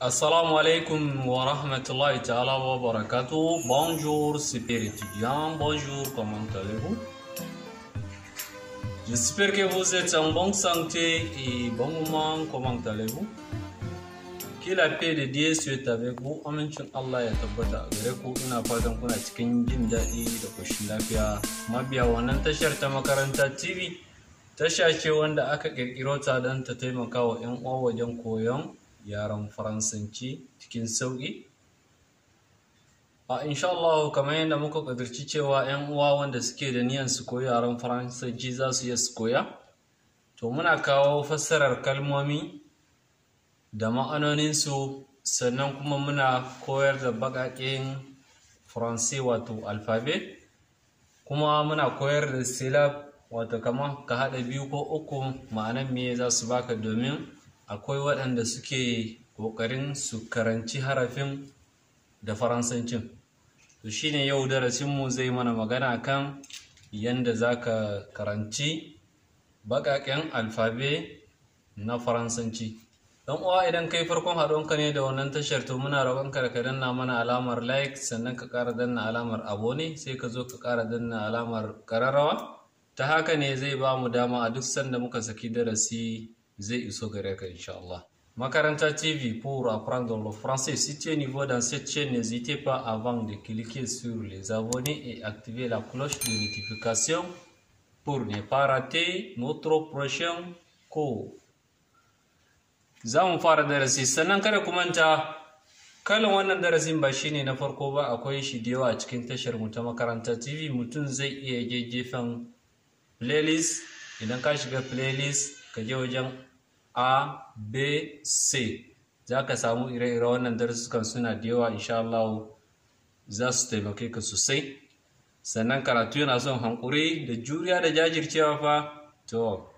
Assalamu alaikum wa rahmatullahi ta'ala wa barakatuh. Bonjour, super étudiant. Bonjour, comment allez-vous? J'espère que vous êtes en bonne santé et bon moment. Comment allez-vous? Que la paix de Dieu soit avec vous. Amincin Allah ya tabbata a gare ku ina fadan kuna cikin jin daɗi da koshin lafiya. Mabiya wannan tashar ta makaranta TV tasha ce wanda aka ƙirƙiro ta don ta taimaka wa 'yan uwa wajen koyon yaren faransanci cikin sauƙi a insha Allah kamar yadda muka ƙadirci cewa 'yan uwa wanda suke da niyan su koyi yaren faransanci za su iya su koya to muna kawo fassarar kalmomi da ma'anoninsu sannan kuma muna koyar da baƙaƙen faransai wato alfabe kuma muna koyar da silab wato kamar ka haɗa biyu ko uku ma'anan me za su baka domin akwai waɗanda suke ƙoƙarin su karanci harafin da faransancin to shine yau darasin mu zai mana magana kan yadda za ka karanci baƙaƙen alfabe na faransanci don uwa idan kai farkon haɗonka ne da wannan tashar to muna roƙonka da ka danna mana alamar like sannan ka ƙara danna alamar abone sai ka zo ka ƙara danna alamar ƙararrawa ta haka ne zai ba mu dama a duk sanda muka saki darasi zai iso gare ka insha Allah. Makaranta TV pour apprendre le français. Si tu es nouveau dans cette chaîne, n'hésitez pas avant de cliquer sur les abonnés et activer la cloche de notification pour ne pas rater notre prochain cours. Za fara darasi sannan kada ku manta kalan wannan darasin ba shine na farko ba akwai shi da yawa a cikin tashar mu makaranta TV mutum zai iya je playlist idan ka shiga playlist ka je wajen a b c za ka samu ire-ire wannan darussukan suna da yawa insha Allah za su taimake ka sosai sannan karatu yana son hankuri da juriya da jajircewa fa to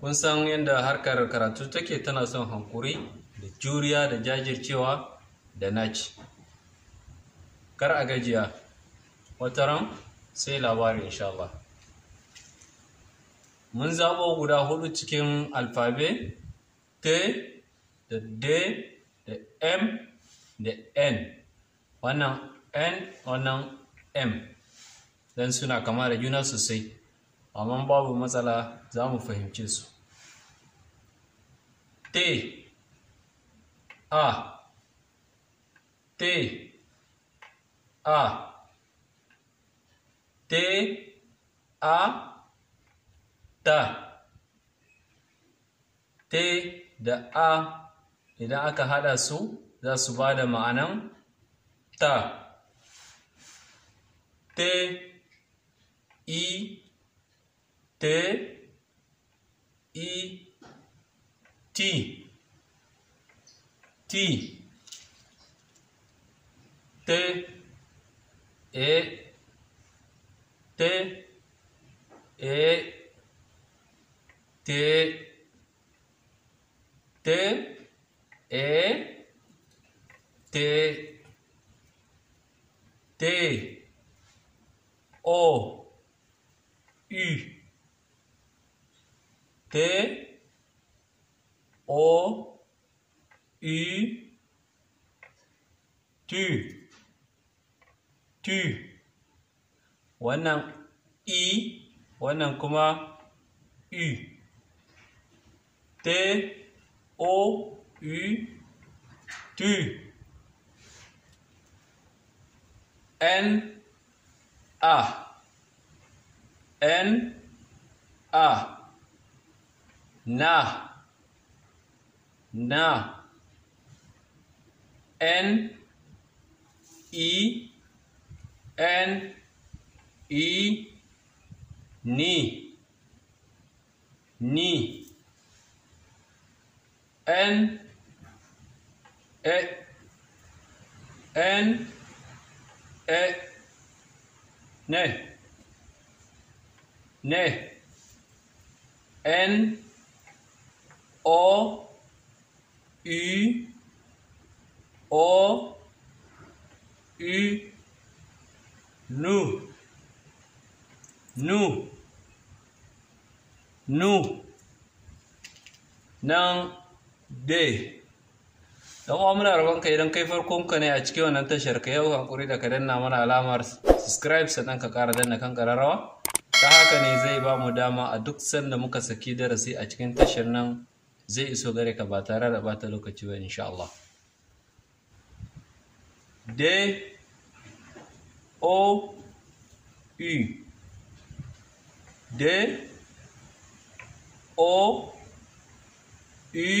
kun san yadda harkar karatu take tana son hankuri da juriya da jajircewa da naci kar a gajiya wataran sai labari insha Allah mun zaɓo guda hudu cikin alfabe t da d da m da n wannan n wannan m don suna kama da juna sosai amma babu matsala za mu fahimce su t a t a t a ta te da a idan aka hada su za su ba da ma'anan ta te i te i ti ti te e ते ते ए ते ते ओ ü te o ü tü tü wannan i wannan kuma ü T O U N A N A na na ni ni n a n a ne ne n o u o u nu nu nu nang de don muna rabon ka idan kai farkon ka ne a cikin wannan tashar ka yau hankuri da ka danna mana alamar subscribe sannan ka kara danna kan kararrawa ta haka ne zai ba mu dama a duk sanda muka saki darasi a cikin tashar nan zai iso gare ka ba tare da bata lokaci ba insha Allah D O U D O U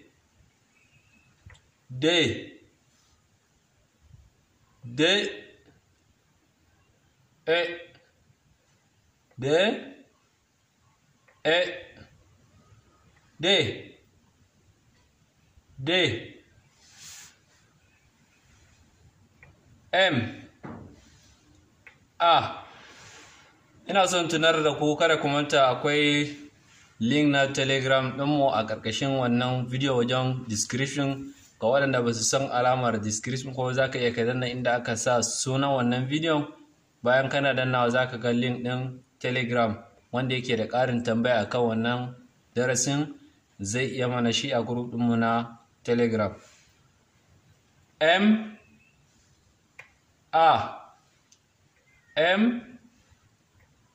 D day E D E day day M A ina son tunar da ku kada ku manta akwai link na telegram ɗinmu a ƙarƙashin wannan video wajen description ga waɗanda ba su san alamar description ko za ka iya ka danna inda aka sa sunan wannan bidiyon bayan kana dannawa za ka ga link ɗin telegram wanda yake da ƙarin tambaya akan wannan darasin zai iya mana shi a group ɗinmu na telegram m a m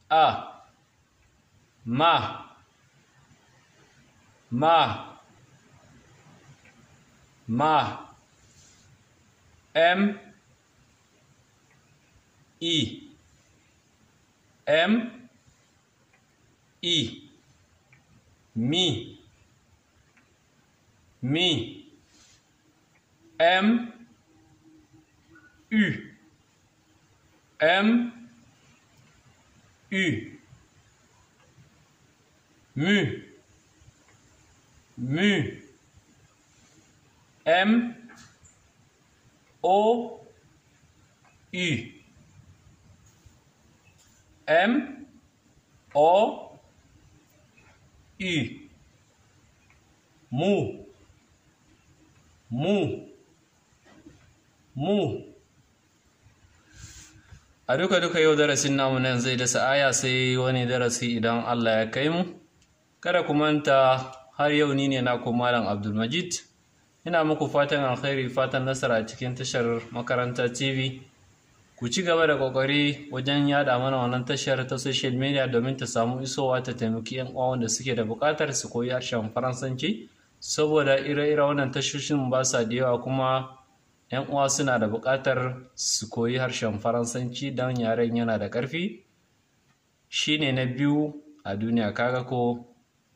a ma ma ma m e m e me me m u m u mu mu M O U M O U mu mu mu a duka duka yau darasin namu nan zai dasa aya sai wani darasi idan Allah ya kai mu kada ku manta har yau ni ne na malam Abdulmajid ina muku fatan alkhairi fatan nasara cikin tashar makaranta tv ku ci gaba da kokari wajen yada mana wannan tashar ta social media domin ta samu isowa ta taimaki yan uwa wanda suke da bukatar su koyi harshen faransanci saboda ire-ire wannan tashoshin ba sa da yawa kuma yan uwa suna da bukatar su koyi harshen faransanci don yaren yana da karfi shine na biyu a duniya kaga ko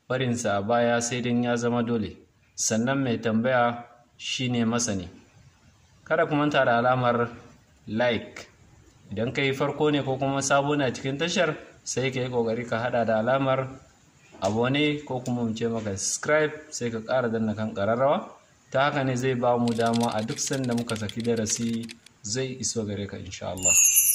barinsa a baya sai dai ya zama dole sannan mai tambaya shine masani kada ku manta da alamar like idan ka yi farko ne ko kuma sabo na cikin tashar sai ka yi kokari ka hada da alamar abone ko kuma mu ce maka subscribe sai ka ƙara danna kan ƙararrawa ta haka ne zai ba mu dama a duk sanda muka saki darasi zai iso gare ka insha Allah